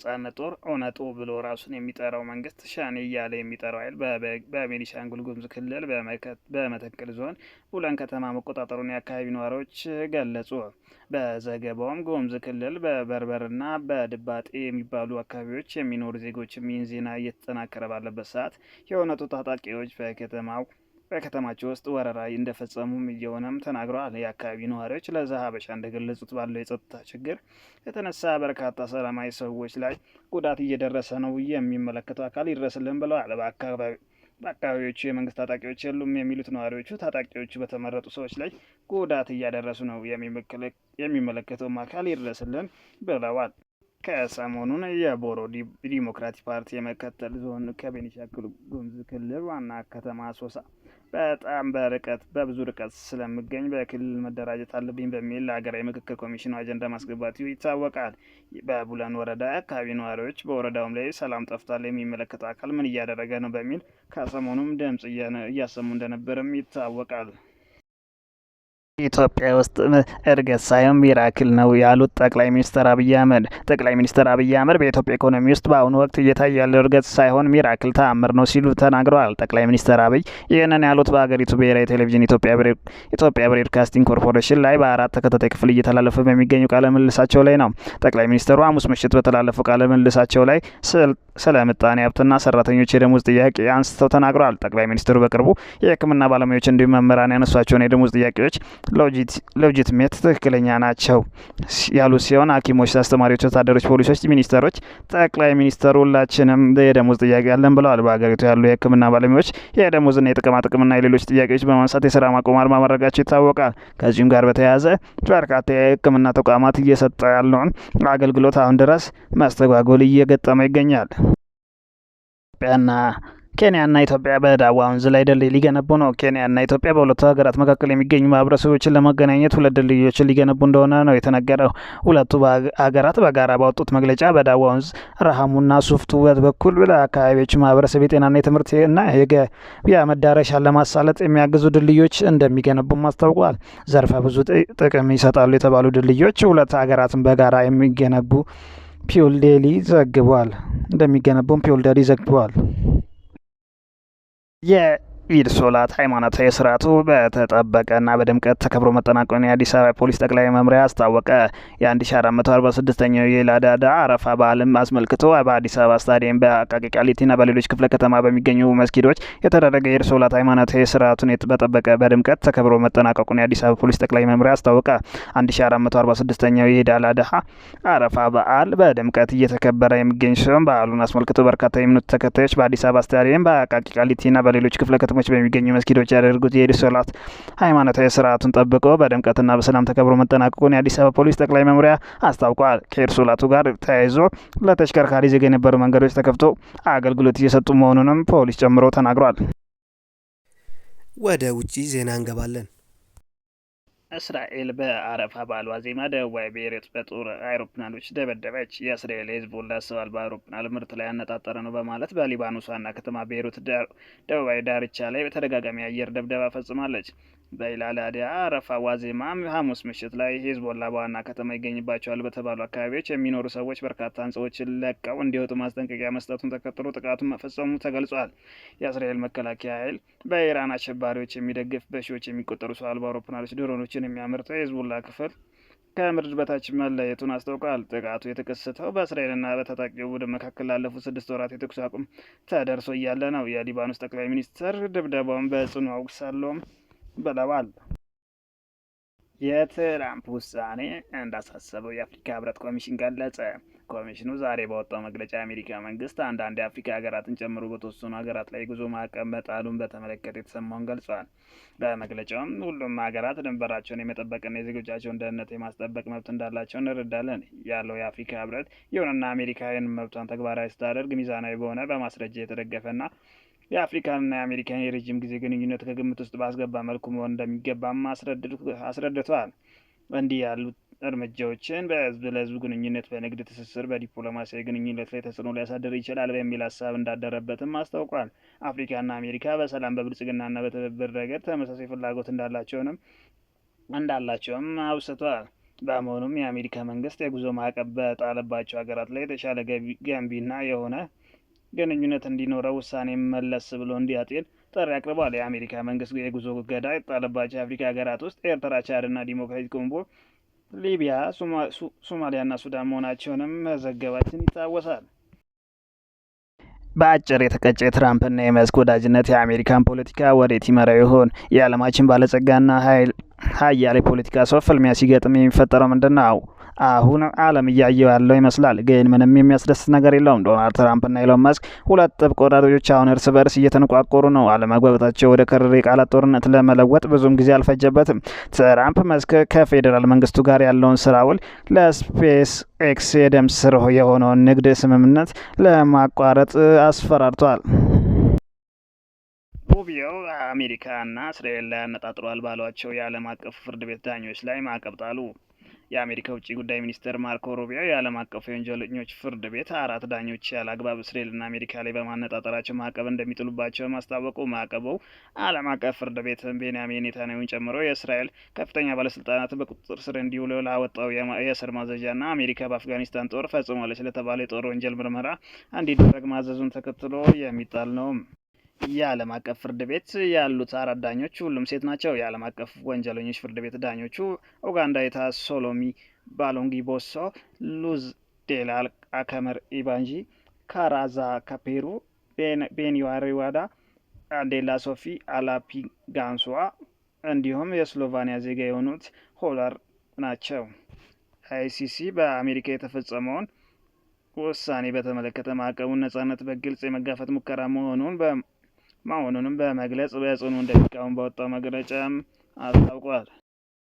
ነጻነት ጦር ኦነጦ ብሎ ራሱን የሚጠራው መንግስት ሻኔ እያለ የሚጠራው ኃይል በቤኒሻንጉል ጉምዝ ክልል በመተከል ዞን ቡለን ከተማ መቆጣጠሩን የአካባቢ ነዋሪዎች ገለጹ። በዘገባውም ጉሙዝ ክልል በበርበርና በድባጤ የሚባሉ አካባቢዎች የሚኖሩ ዜጎች ይህን ዜና እየተጠናከረ ባለበት ሰዓት የኦነጦ ታጣቂዎች በከተማው በከተማቸው ውስጥ ወረራ እንደፈጸሙም እየሆነም ተናግረዋል። የአካባቢ ነዋሪዎች ለዛ ሀበሻ እንደገለጹት ባለው የጸጥታ ችግር የተነሳ በርካታ ሰላማዊ ሰዎች ላይ ጉዳት እየደረሰ ነው፣ የሚመለከተው አካል ይድረስልን ብለዋል። በአካባቢዎቹ የመንግስት ታጣቂዎች የሉም የሚሉት ነዋሪዎቹ ታጣቂዎቹ በተመረጡ ሰዎች ላይ ጉዳት እያደረሱ ነው፣ የሚመለከተውም አካል ይድረስልን ብለዋል። ከሰሞኑን የቦሮ ዲሞክራቲክ ፓርቲ የመከተል ዞን ከቤኒሻንጉል ጉሙዝ ክልል ዋና ከተማ ሶሳ በጣም በርቀት በብዙ ርቀት ስለምገኝ በክልል መደራጀት አለብኝ በሚል ለሀገራዊ ምክክር ኮሚሽኑ አጀንዳ ማስገባት ይታወቃል። በቡለን ወረዳ አካባቢ ነዋሪዎች በወረዳውም ላይ ሰላም ጠፍቷል፣ የሚመለከት አካል ምን እያደረገ ነው በሚል ከሰሞኑም ድምጽ እያሰሙ እንደነበርም ይታወቃል። ኢትዮጵያ ውስጥ እድገት ሳይሆን ሚራክል ነው ያሉት ጠቅላይ ሚኒስትር አብይ አህመድ። ጠቅላይ ሚኒስትር አብይ አህመድ በኢትዮጵያ ኢኮኖሚ ውስጥ በአሁኑ ወቅት እየታየ ያለው እድገት ሳይሆን ሚራክል ተአምር ነው ሲሉ ተናግረዋል። ጠቅላይ ሚኒስትር አብይ ይህንን ያሉት በሀገሪቱ ብሔራዊ ቴሌቪዥን ኢትዮጵያ ብሮድካስቲንግ ኮርፖሬሽን ላይ በአራት ተከታታይ ክፍል እየተላለፈ በሚገኙ ቃለ ምልልሳቸው ላይ ነው። ጠቅላይ ሚኒስትሩ ሐሙስ ምሽት በተላለፈው ቃለ ምልልሳቸው ላይ ስለ ምጣኔ ሀብትና ሰራተኞች የደሞዝ ጥያቄ አንስተው ተናግረዋል። ጠቅላይ ሚኒስትሩ በቅርቡ የሕክምና ባለሙያዎች እንዲሁም መምህራን ያነሷቸውን የደሞዝ ጥያቄዎች ለውጅትሜት ትክክለኛ ናቸው ያሉ ሲሆን ሐኪሞች፣ አስተማሪዎች፣ ወታደሮች፣ ፖሊሶች፣ ሚኒስተሮች፣ ጠቅላይ ሚኒስተሩ ሁላችንም የደሞዝ ጥያቄ አለን ብለዋል። በሀገሪቱ ያሉ የህክምና ባለሙያዎች የደሞዝና የጥቅማጥቅምና የሌሎች ጥያቄዎች በማንሳት የስራ ማቆም አድማ ማድረጋቸው ይታወቃል። ከዚሁም ጋር በተያያዘ በርካታ የህክምና ተቋማት እየሰጠ ያለውን አገልግሎት አሁን ድረስ መስተጓጎል እየገጠመ ይገኛል። ኢትዮጵያና ኬንያና ኢትዮጵያ በዳዋ ወንዝ ላይ ድልድይ ሊገነቡ ነው። ኬንያና ኢትዮጵያ በሁለቱ ሀገራት መካከል የሚገኙ ማህበረሰቦችን ለመገናኘት ሁለት ድልድዮችን ሊገነቡ እንደሆነ ነው የተነገረው። ሁለቱ ሀገራት በጋራ ባወጡት መግለጫ በዳዋ ወንዝ ረሃሙና ሱፍቱ በኩል ለአካባቢዎች ማህበረሰብ የጤናና የትምህርት እና የገቢያ መዳረሻ ለማሳለጥ የሚያግዙ ድልድዮች እንደሚገነቡም አስታውቋል። ዘርፈ ብዙ ጥቅም ይሰጣሉ የተባሉ ድልድዮች ሁለት ሀገራትን በጋራ የሚገነቡ ፒውል ዴሊ ዘግቧል። እንደሚገነቡም ፒውል ዴሊ ዘግቧል። yeah ኢድ ሶላት ሃይማኖታዊ ስርዓቱ በተጠበቀና በድምቀት ተከብሮ መጠናቀቁን የአዲስ አበባ ፖሊስ ጠቅላይ መምሪያ አስታወቀ። የ1446ኛው የኢላዳዳ አረፋ በዓልም አስመልክቶ በአዲስ አበባ ስታዲየም በአቃቂ ቃሊቲና በሌሎች ክፍለ ከተማ በሚገኙ መስጊዶች የተደረገ የኢድ ሶላት ሃይማኖታዊ ስርዓቱን በጠበቀ በድምቀት ተከብሮ መጠናቀቁን የአዲስ አበባ ፖሊስ ጠቅላይ መምሪያ አስታወቀ። 1446ኛው የኢድ አላድሃ አረፋ በዓል በድምቀት እየተከበረ የሚገኝ ሲሆን በዓሉን አስመልክቶ በርካታ የእምነቱ ተከታዮች በአዲስ አበባ ስታዲየም በአቃቂ ቃሊቲና በሌሎች ክፍለ ከተማ ከተሞች በሚገኙ መስጊዶች ያደርጉት የኢድ ሶላት ሃይማኖታዊ ስርዓቱን ጠብቆ በድምቀትና በሰላም ተከብሮ መጠናቀቁን የአዲስ አበባ ፖሊስ ጠቅላይ መምሪያ አስታውቋል። ከኢድ ሶላቱ ጋር ተያይዞ ለተሽከርካሪ ዜጋ የነበሩ መንገዶች ተከፍቶ አገልግሎት እየሰጡ መሆኑንም ፖሊስ ጨምሮ ተናግሯል። ወደ ውጭ ዜና እንገባለን። እስራኤል በአረፋ በዓል ዋዜማ ደቡባዊ ቤይሩት በጦር አውሮፕላኖች ደበደበች። የእስራኤል ሄዝቦላ ሰዋል በአውሮፕላን ምርት ላይ ያነጣጠረ ነው በማለት በሊባኖስ ዋና ከተማ ቤይሩት ደቡባዊ ዳርቻ ላይ በተደጋጋሚ አየር ደብደባ ፈጽማለች። በኢላላዲያ አረፋ ዋዜማ ሐሙስ ምሽት ላይ ሂዝቦላ በዋና ከተማ ይገኝባቸዋል በተባሉ አካባቢዎች የሚኖሩ ሰዎች በርካታ ህንፃዎችን ለቀው እንዲወጡ ማስጠንቀቂያ መስጠቱን ተከትሎ ጥቃቱን መፈጸሙ ተገልጿል። የእስራኤል መከላከያ ኃይል በኢራን አሸባሪዎች የሚደግፍ በሺዎች የሚቆጠሩ ሰው አልባ አውሮፕላኖች ድሮኖችን የሚያመርተው የሂዝቦላ ክፍል ከምድር በታች መለየቱን አስታውቋል። ጥቃቱ የተከሰተው በእስራኤልና በታጣቂው ቡድን መካከል ላለፉት ስድስት ወራት የተኩስ አቁም ተደርሶ እያለ ነው። የሊባኖስ ጠቅላይ ሚኒስትር ድብደባውን በጽኑ አውግሳለውም ብለዋል። የትራምፕ ውሳኔ እንዳሳሰበው የአፍሪካ ህብረት ኮሚሽን ገለጸ። ኮሚሽኑ ዛሬ በወጣው መግለጫ የአሜሪካ መንግስት አንዳንድ የአፍሪካ ሀገራትን ጨምሮ በተወሰኑ ሀገራት ላይ ጉዞ ማዕቀብ መጣሉን በተመለከተ የተሰማውን ገልጿል። በመግለጫውም ሁሉም ሀገራት ድንበራቸውን የመጠበቅና የዜጎቻቸውን ደህንነት የማስጠበቅ መብት እንዳላቸው እንረዳለን ያለው የአፍሪካ ህብረት፣ ይሁንና አሜሪካ ይህን መብቷን ተግባራዊ ስታደርግ ሚዛናዊ በሆነ በማስረጃ የተደገፈና የአፍሪካንና የአሜሪካን የረዥም ጊዜ ግንኙነት ከግምት ውስጥ ባስገባ መልኩ መሆን እንደሚገባም አስረድቷል። እንዲህ ያሉት እርምጃዎችን በህዝብ ለህዝብ ግንኙነት፣ በንግድ ትስስር፣ በዲፕሎማሲያዊ ግንኙነት ላይ ተጽዕኖ ሊያሳድር ይችላል በሚል ሀሳብ እንዳደረበትም አስታውቋል። አፍሪካና አሜሪካ በሰላም በብልጽግናና በትብብር ረገድ ተመሳሳይ ፍላጎት እንዳላቸውንም እንዳላቸውም አውስቷል። በመሆኑም የአሜሪካ መንግስት የጉዞ ማዕቀብ በጣለባቸው ሀገራት ላይ የተሻለ ገንቢና የሆነ ግንኙነት እንዲኖረው ውሳኔ መለስ ብሎ እንዲያጤን ጥሪ አቅርቧል። የአሜሪካ መንግስት የጉዞ እገዳ የጣለባቸው የአፍሪካ ሀገራት ውስጥ ኤርትራ፣ ቻድና ዲሞክራቲክ ኮንጎ፣ ሊቢያ፣ ሶማሊያና ሱዳን መሆናቸውንም መዘገባችን ይታወሳል። በአጭር የተቀጨ የትራምፕና የመስክ ወዳጅነት የአሜሪካን ፖለቲካ ወዴት ይመራው ይሆን? የዓለማችን ባለጸጋና ሀያል የፖለቲካ ሰው ፍልሚያ ሲገጥም የሚፈጠረው ምንድን ነው? አሁን ዓለም እያየው ያለው ይመስላል። ግን ምንም የሚያስደስት ነገር የለውም። ዶናልድ ትራምፕና ኢሎን መስክ ሁለት ጥብቅ ወዳጆች አሁን እርስ በርስ እየተንቋቆሩ ነው። አለመግባባታቸው ወደ ከረር የቃላት ጦርነት ለመለወጥ ብዙም ጊዜ አልፈጀበትም። ትራምፕ መስክ ከፌዴራል መንግስቱ ጋር ያለውን ስራ ውል ለስፔስ ኤክስ የደም ስር የሆነውን ንግድ ስምምነት ለማቋረጥ አስፈራርቷል። ሩቢዮ አሜሪካና እስራኤል ላይ ያነጣጥሯል ባሏቸው የዓለም አቀፍ ፍርድ ቤት ዳኞች ላይ ማዕቀብ ጣሉ። የአሜሪካ ውጭ ጉዳይ ሚኒስትር ማርኮ ሩቢዮ የዓለም አቀፉ የወንጀለኞች ፍርድ ቤት አራት ዳኞች ያለ አግባብ እስራኤልና አሜሪካ ላይ በማነጣጠራቸው ማዕቀብ እንደሚጥሉባቸው ማስታወቁ ማዕቀቡ ዓለም አቀፍ ፍርድ ቤት ቤንያሚን ኔታንያሁን ጨምሮ የእስራኤል ከፍተኛ ባለስልጣናት በቁጥጥር ስር እንዲውሉ ላወጣው የእስር ማዘዣና አሜሪካ በአፍጋኒስታን ጦር ፈጽሟለች ለተባለ የጦር ወንጀል ምርመራ እንዲደረግ ማዘዙን ተከትሎ የሚጣል ነው። የዓለም አቀፍ ፍርድ ቤት ያሉት አራት ዳኞች ሁሉም ሴት ናቸው። የዓለም አቀፍ ወንጀለኞች ፍርድ ቤት ዳኞቹ ኡጋንዳዊቷ ሶሎሚ ባሎንጊ ቦሶ፣ ሉዝ ዴላ አከመር ኢባንጂ፣ ካራዛ ካፔሩ፣ ቤኒዋሪዋዳ አንዴላ ሶፊ አላፒ ጋንሷ እንዲሁም የስሎቫኒያ ዜጋ የሆኑት ሆላር ናቸው። አይሲሲ በአሜሪካ የተፈጸመውን ውሳኔ በተመለከተ ማዕቀቡን ነጻነት በግልጽ የመጋፈት ሙከራ መሆኑን መሆኑንም በመግለጽ በጽኑ እንደሚቃወም በወጣው መግለጫም አስታውቋል።